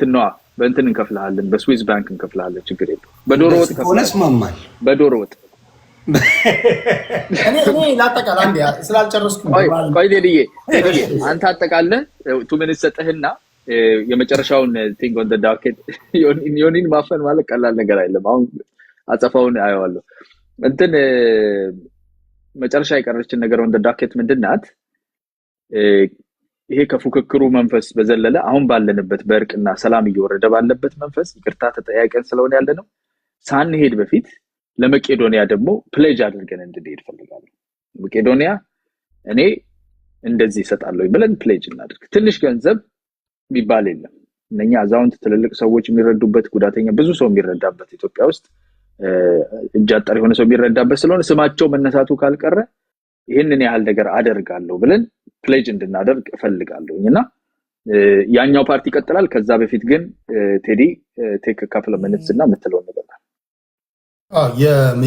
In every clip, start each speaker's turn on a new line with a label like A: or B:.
A: በእንትን ነዋ በእንትን እንከፍልሃለን፣ በስዊዝ ባንክ እንከፍልሃለን። ችግር የለ።
B: በዶሮ ወጥ ከሆነስማማል በዶሮ ወጥ ቆይ
A: ሌልዬ አንተ አጠቃለህ ቱ ሚኒት ሰጠህና የመጨረሻውን ቲንግ ኦን ዳኬት ዮኒን ማፈን ማለት ቀላል ነገር አይደለም። አሁን አጸፋውን አየዋለሁ። እንትን መጨረሻ የቀረችን ነገር ኦን ዳኬት ምንድን ናት? ይሄ ከፉክክሩ መንፈስ በዘለለ አሁን ባለንበት በእርቅና ሰላም እየወረደ ባለበት መንፈስ ይቅርታ ተጠያቀን ስለሆነ ያለ ነው ሳንሄድ በፊት ለመቄዶንያ ደግሞ ፕሌጅ አድርገን እንድንሄድ ፈልጋለሁ። መቄዶንያ እኔ እንደዚህ ይሰጣለሁ ብለን ፕሌጅ እናደርግ ትንሽ ገንዘብ የሚባል የለም። እነኛ አዛውንት፣ ትልልቅ ሰዎች የሚረዱበት ጉዳተኛ፣ ብዙ ሰው የሚረዳበት ኢትዮጵያ ውስጥ እጅ የሆነ ሰው የሚረዳበት ስለሆነ ስማቸው መነሳቱ ካልቀረ ይህንን ያህል ነገር አደርጋለሁ ብለን ፕሌጅ እንድናደርግ እፈልጋለሁኝ እና ያኛው ፓርቲ ይቀጥላል። ከዛ በፊት ግን ቴዲ ቴክ ካፍለ ምንስ እና የምትለውን ነገር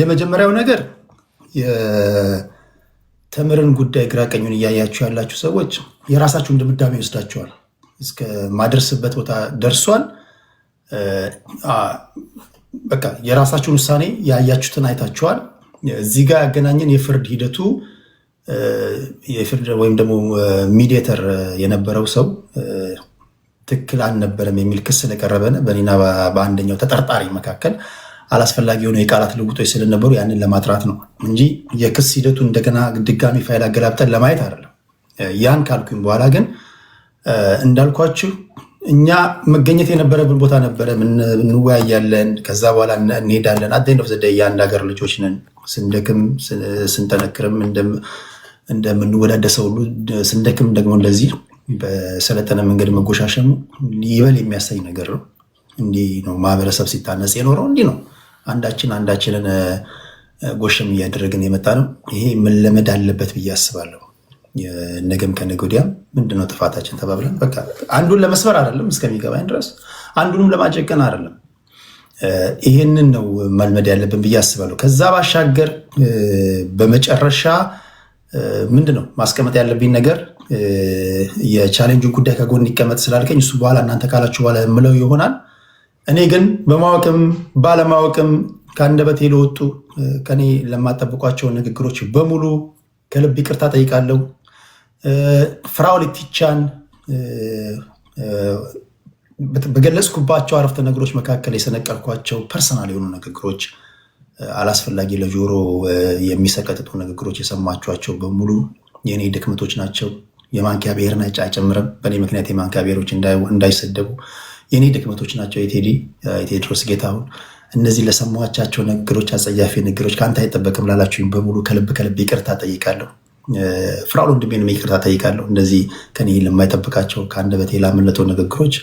B: የመጀመሪያው ነገር የተምርን ጉዳይ ግራቀኙን እያያችሁ ያላችሁ ሰዎች የራሳችሁን ድምዳሜ ይወስዳቸዋል እስከ ማደርስበት ቦታ ደርሷል። በቃ የራሳችሁን ውሳኔ ያያችሁትን አይታችኋል። እዚህ ጋር ያገናኘን የፍርድ ሂደቱ የፍርድ ወይም ደግሞ ሚዲየተር የነበረው ሰው ትክክል አልነበረም የሚል ክስ ስለቀረበ በእኔና በአንደኛው ተጠርጣሪ መካከል አላስፈላጊ የሆነ የቃላት ልውጦች ስለነበሩ ያንን ለማጥራት ነው እንጂ የክስ ሂደቱ እንደገና ድጋሚ ፋይል አገላብጠን ለማየት አይደለም። ያን ካልኩኝ በኋላ ግን እንዳልኳችሁ እኛ መገኘት የነበረብን ቦታ ነበረ። እንወያያለን፣ ከዛ በኋላ እንሄዳለን። አደንደፍ ዘደ የአንድ ሀገር ልጆች ነን። ስንደክም ስንጠነክርም እንደምንወዳደሰው ሁሉ ስንደክም ደግሞ እንደዚህ በሰለጠነ መንገድ መጎሻሸሙ ይበል የሚያሳይ ነገር ነው። እንዲህ ነው ማህበረሰብ ሲታነጽ የኖረው። እንዲህ ነው አንዳችን አንዳችንን ጎሸም እያደረግን የመጣ ነው። ይሄ መለመድ አለበት ብዬ አስባለሁ። ነገም ከነገ ወዲያም ምንድነው ጥፋታችን ተባብለን በቃ አንዱን ለመስበር አይደለም እስከሚገባኝ ድረስ አንዱንም ለማጨቀን አይደለም። ይሄንን ነው መልመድ ያለብን ብዬ አስባለሁ። ከዛ ባሻገር በመጨረሻ ምንድን ነው ማስቀመጥ ያለብኝ ነገር የቻሌንጁን ጉዳይ ከጎን ይቀመጥ ስላልከኝ እሱ በኋላ እናንተ ካላችሁ በኋላ የምለው ይሆናል። እኔ ግን በማወቅም ባለማወቅም በት ለወጡ ከኔ ለማጠብቋቸው ንግግሮች በሙሉ ከልብ ይቅርታ ጠይቃለሁ። ፍራኦል ኢቲቻን በገለጽኩባቸው አረፍተ ነገሮች መካከል የሰነቀልኳቸው ፐርሰናል የሆኑ ንግግሮች አላስፈላጊ ለጆሮ የሚሰቀጥጡ ንግግሮች የሰማችኋቸው በሙሉ የእኔ ድክመቶች ናቸው። የማንኪያ ብሔርን አይጨምርም። በእኔ ምክንያት የማንኪያ ብሔሮች እንዳይሰደቡ የእኔ ድክመቶች ናቸው። የቴዲ የቴድሮስ ጌታሁን እነዚህ ለሰማቸው ንግግሮች፣ አጸያፊ ንግግሮች ከአንተ አይጠበቅም ላላችሁኝ በሙሉ ከልብ ከልብ ይቅርታ ጠይቃለሁ። ፍራኦል ወንድሜንም ይቅርታ ጠይቃለሁ። እንደዚህ ከኔ ለማይጠብቃቸው ከአንደበቴ ላመለጠው ንግግሮች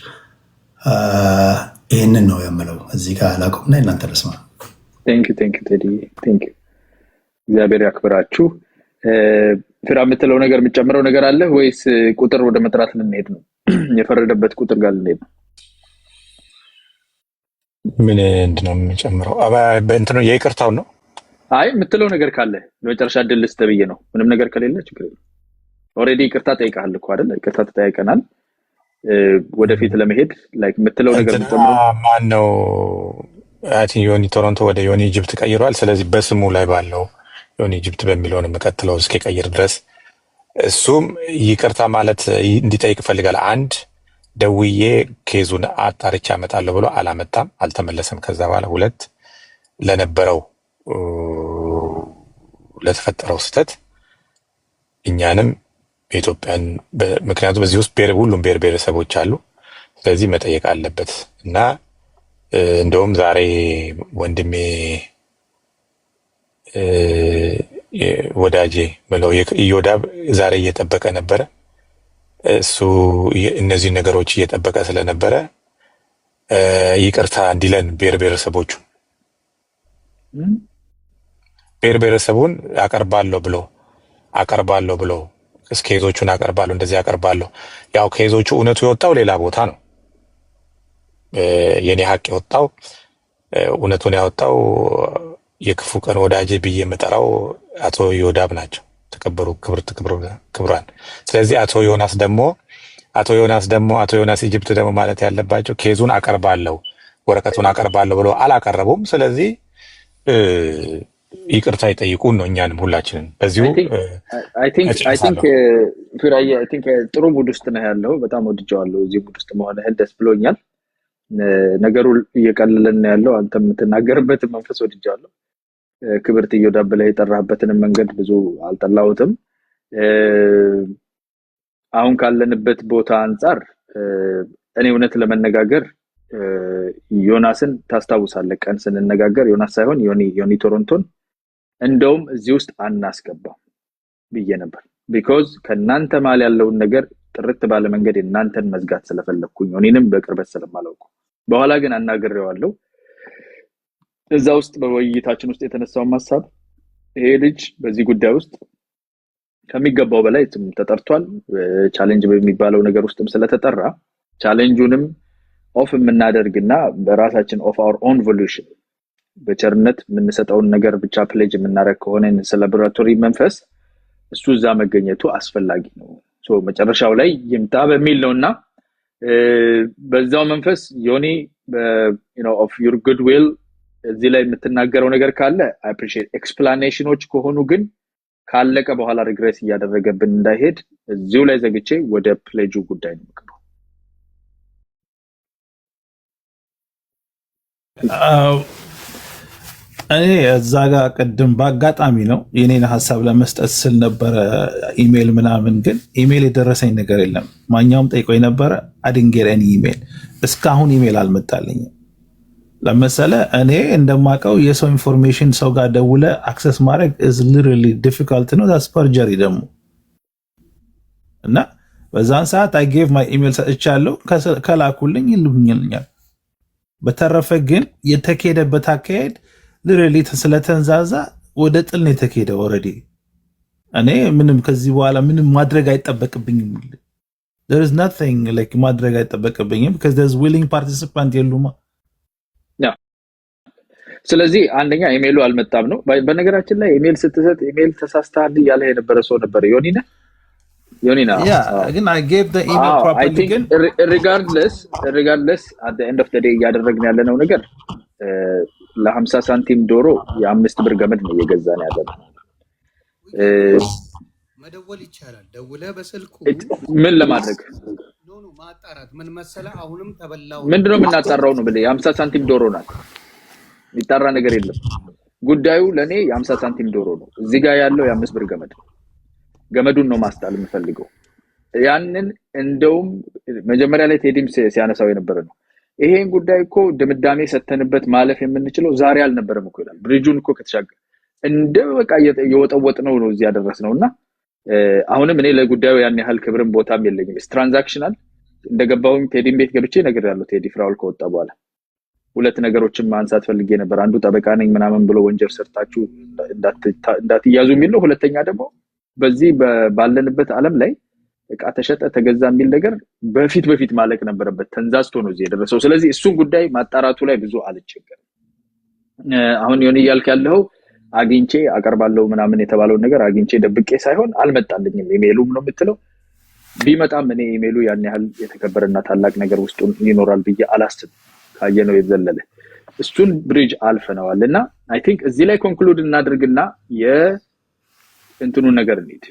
B: ይህንን ነው የምለው። እዚህ ጋር ላቆምና እናንተ ልስማ።
A: ቴንክ ቴንክ ቴዲ ቴንክ እግዚአብሔር ያክብራችሁ። ፍራ የምትለው ነገር የምጨምረው ነገር አለ ወይስ ቁጥር ወደ መጥራት ልንሄድ ነው? የፈረደበት ቁጥር ጋር ልንሄድ ነው።
B: ምን እንድነው ነው የምጨምረው? በእንትኑ የይቅርታው ነው።
A: አይ የምትለው ነገር ካለ የመጨረሻ ድል ስተብይ ነው። ምንም ነገር ከሌለ ችግር ኦሬዲ ይቅርታ ጠይቀሃል እኮ አይደል? ይቅርታ ተጠያይቀናል። ወደፊት ለመሄድ የምትለው ነገር
B: ማን ነው አይ ዮኒ ቶሮንቶ ወደ ዮኒ ጅብት ቀይሯል። ስለዚህ በስሙ ላይ ባለው ዮኒ ጅብት በሚለው ነው የምቀጥለው እስኪቀይር ድረስ። እሱም ይቅርታ ማለት እንዲጠይቅ ይፈልጋል። አንድ ደውዬ ኬዙን አጣርቼ አመጣለሁ ብሎ አላመጣም፣ አልተመለሰም። ከዛ በኋላ ሁለት ለነበረው ለተፈጠረው ስህተት እኛንም በኢትዮጵያን ምክንያቱም በዚህ ውስጥ ሁሉም ብሔር ብሔረሰቦች አሉ። ስለዚህ መጠየቅ አለበት እና እንደውም ዛሬ ወንድሜ ወዳጄ ብለው እዮዳብ ዛሬ እየጠበቀ ነበረ። እሱ እነዚህ ነገሮች እየጠበቀ ስለነበረ ይቅርታ እንዲለን ብሔር ብሔረሰቦቹ ብሔር ብሔረሰቡን አቀርባለሁ ብሎ አቀርባለሁ ብሎ እስከ ኬዞቹን አቀርባለሁ እንደዚህ አቀርባለሁ። ያው ኬዞቹ እውነቱ የወጣው ሌላ ቦታ ነው። የኔ ሀቅ የወጣው እውነቱን ያወጣው የክፉ ቀን ወዳጅ ብዬ የምጠራው አቶ ዮዳብ ናቸው። ተከበሩ ክብርት ክብሯን። ስለዚህ አቶ ዮናስ ደግሞ አቶ ዮናስ ደግሞ አቶ ዮናስ ኢጅፕት ደግሞ ማለት ያለባቸው ኬዙን አቀርባለሁ ወረቀቱን አቀርባለሁ ብሎ አላቀረቡም። ስለዚህ ይቅርታ ይጠይቁ ነው እኛንም ሁላችንን። በዚሁ
A: ጥሩ ሙድ ውስጥ ነው ያለው። በጣም ወድጀዋለሁ። እዚህ ሙድ ውስጥ መሆንህን ደስ ብሎኛል። ነገሩ እየቀለለን ያለው አንተ የምትናገርበትን መንፈስ ወድጃለሁ። ክብርት እዮዳብ ላይ የጠራህበትንም መንገድ ብዙ አልጠላሁትም። አሁን ካለንበት ቦታ አንጻር እኔ እውነት ለመነጋገር ዮናስን ታስታውሳለህ? ቀን ስንነጋገር ዮናስ ሳይሆን ዮኒ ቶሮንቶን እንደውም እዚህ ውስጥ አናስገባም ብዬ ነበር። ቢኮዝ ከእናንተ መሀል ያለውን ነገር ጥርት ባለ መንገድ የእናንተን መዝጋት ስለፈለግኩኝ ዮኒንም በቅርበት ስለማላውቀው በኋላ ግን አናግሬዋለሁ። እዛ ውስጥ በውይይታችን ውስጥ የተነሳውን ሀሳብ ይሄ ልጅ በዚህ ጉዳይ ውስጥ ከሚገባው በላይ ተጠርቷል። ቻሌንጅ በሚባለው ነገር ውስጥም ስለተጠራ ቻሌንጁንም ኦፍ የምናደርግና በራሳችን ኦፍ አር ኦን ቮሉሽን በቸርነት የምንሰጠውን ነገር ብቻ ፕሌጅ የምናደርግ ከሆነ ሴሌብራቶሪ መንፈስ እሱ እዛ መገኘቱ አስፈላጊ ነው። መጨረሻው ላይ ይምጣ በሚል ነው እና በዛው መንፈስ ዮኒ ኦፍ ዩር ጉድ ዊል እዚህ ላይ የምትናገረው ነገር ካለ አፕሪሺየት ኤክስፕላኔሽኖች ከሆኑ ግን ካለቀ በኋላ ሪግሬስ እያደረገብን እንዳይሄድ እዚሁ ላይ ዘግቼ ወደ ፕሌጁ ጉዳይ ነው
B: እኔ እዛ ጋር ቅድም በአጋጣሚ ነው የኔን ሀሳብ ለመስጠት ስል ነበረ ኢሜይል ምናምን፣ ግን ኢሜይል የደረሰኝ ነገር የለም። ማኛውም ጠይቆ የነበረ አድንጌረን ኢሜይል እስካሁን ኢሜይል አልመጣልኝም። ለመሰለ እኔ እንደማውቀው የሰው ኢንፎርሜሽን ሰው ጋር ደውለ አክሰስ ማድረግ ኢዝ ሊትራሊ ዲፊካልት ነው። ዛስ ደግሞ እና በዛን ሰዓት አይ ጌቭ ማይ ኢሜይል ሰጥቻለሁ ከላኩልኝ ይልኛል። በተረፈ ግን የተካሄደበት አካሄድ ልሬሊ ስለተንዛዛ ወደ ጥል ነው የተካሄደ። ኦልሬዲ እኔ ምንም ከዚህ በኋላ ምንም ማድረግ አይጠበቅብኝም። there is nothing like ማድረግ አይጠበቅብኝም ከዚ there's willing participant የሉማ።
A: ስለዚህ አንደኛ ኢሜይሉ አልመጣም ነው። በነገራችን ላይ ኢሜይል ስትሰጥ ኢሜል ተሳስተሃል እያለ የነበረ ሰው ነበር ዮኒና ዮኒና ሪጋርድለስ ሪጋርድለስ አት ኤንድ ኦፍ ደ ዴይ እያደረግን ያለነው ነገር ለሀምሳ ሳንቲም ዶሮ የአምስት ብር ገመድ ነው እየገዛን ያለ ነው። መደወል ይቻላል። ደውለህ በስልኩ ምን ለማድረግ ማጣራት ምን መሰለህ፣ አሁንም ተበላው። ምንድነው የምናጣራው ነው ብለህ የሀምሳ ሳንቲም ዶሮ ናት። የሚጣራ ነገር የለም። ጉዳዩ ለእኔ የሀምሳ ሳንቲም ዶሮ ነው። እዚህ ጋር ያለው የአምስት ብር ገመድ ገመዱን ነው ማስጣል የምፈልገው። ያንን እንደውም መጀመሪያ ላይ ቴዲም ሲያነሳው የነበረ ነው ይሄን ጉዳይ እኮ ድምዳሜ ሰተንበት ማለፍ የምንችለው ዛሬ አልነበረም እኮ ይላል። ብሪጁን እኮ ከተሻገር እንደ በቃ የወጠወጥ ነው ነው እዚህ ያደረስ ነው እና አሁንም እኔ ለጉዳዩ ያን ያህል ክብርም ቦታም የለኝም። ትራንዛክሽናል እንደገባሁም ቴዲን ቤት ገብቼ ነገር ያለው ቴዲ ፍራውል ከወጣ በኋላ ሁለት ነገሮችን ማንሳት ፈልጌ ነበር። አንዱ ጠበቃ ነኝ ምናምን ብሎ ወንጀል ሰርታችሁ እንዳትያዙ የሚል ነው። ሁለተኛ ደግሞ በዚህ ባለንበት ዓለም ላይ እቃ ተሸጠ ተገዛ የሚል ነገር በፊት በፊት ማለቅ ነበረበት። ተንዛዝቶ ነው እዚህ የደረሰው። ስለዚህ እሱን ጉዳይ ማጣራቱ ላይ ብዙ አልቸገርም። አሁን የሆነ እያልክ ያለው አግኝቼ አቀርባለሁ ምናምን የተባለውን ነገር አግኝቼ ደብቄ ሳይሆን አልመጣልኝም፣ ኢሜሉም ነው የምትለው። ቢመጣም እኔ ኢሜሉ ያን ያህል የተከበረና ታላቅ ነገር ውስጡ ይኖራል ብዬ አላስብ። ካየ ነው የዘለለ እሱን ብሪጅ አልፈነዋል። እና አይ ቲንክ እዚህ ላይ ኮንክሉድ እናድርግና የእንትኑ ነገር እንሂድ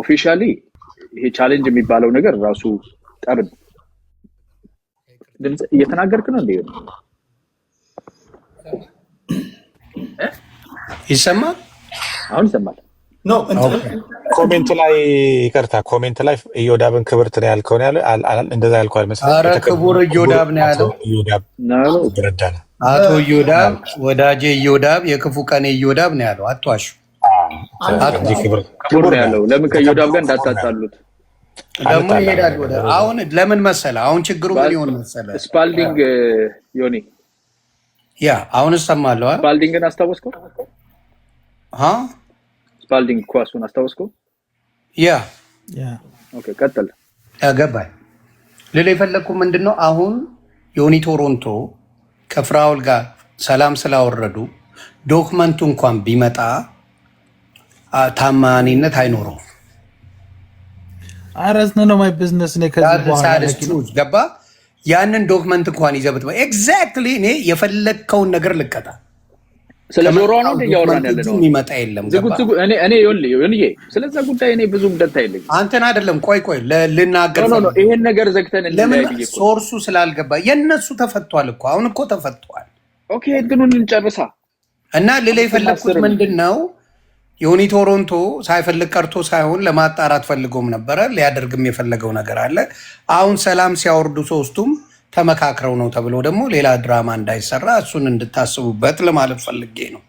A: ኦፊሻሊ ይሄ ቻሌንጅ የሚባለው ነገር ራሱ ጠብ ድምፅ እየተናገርክ ነው እንዴ? ይሰማል? አሁን ይሰማል። ኮሜንት ላይ ይቅርታ፣ ኮሜንት ላይ እዮዳብን ክብርት ነው ያልከው ነው ያለው። እንደዛ ያልኩህ
B: አልመሰለኝም። ኧረ ክቡር እዮዳብ ነው ያለው። አቶ እዮዳብ ወዳጄ እዮዳብ፣ የክፉ ቀኔ እዮዳብ ነው ያለው። አትዋሹ
A: ያለው ለምን ከዮዳብ ጋር እንዳታጣሉት
B: ደግሞ ይሄዳል ወደ አሁን ለምን መሰለ አሁን ችግሩ ምን ይሆን መሰለ
A: ስፓልዲንግ ዮኒ
B: ያ አሁን እሰማለሁ
A: ስፓልዲንግን አስታወስከው ስፓልዲንግ ኳሱን አስታወስከው ያ ኦኬ ቀጥል
B: ገባኝ የፈለግኩ ምንድን ነው አሁን ዮኒ ቶሮንቶ ከፍራውል ጋር ሰላም ስላወረዱ ዶክመንቱ እንኳን ቢመጣ ታማኒነት አይኖረውም።
A: አረዝነ ነው ማይ ቢዝነስ ነው።
B: ከዚህ ገባ ያንን ዶክመንት እንኳን ይዘብት ኤግዛክትሊ እኔ የፈለግከውን ነገር ልቀጣ ስለ ጆሮ ነው እንደ
A: እያወራን ያለ ነው። የሚመጣ የለም። እኔ እኔ ስለዛ ጉዳይ እኔ
B: አንተን አይደለም። ቆይ ቆይ ልናገር
A: ነው። ይሄን ነገር ዘግተን
B: ለምን ሶርሱ ስላልገባ የነሱ ተፈቷል እኮ አሁን እኮ ተፈቷል።
A: ኦኬ እንትኑን እንጨርሳ
B: እና ልላ የፈለግኩት ምንድን ነው ዮኒ ቶሮንቶ ሳይፈልግ ቀርቶ ሳይሆን ለማጣራት ፈልጎም ነበረ። ሊያደርግም የፈለገው ነገር አለ። አሁን ሰላም ሲያወርዱ ሶስቱም ተመካክረው ነው ተብሎ ደግሞ ሌላ ድራማ እንዳይሰራ እሱን እንድታስቡበት ለማለት ፈልጌ ነው።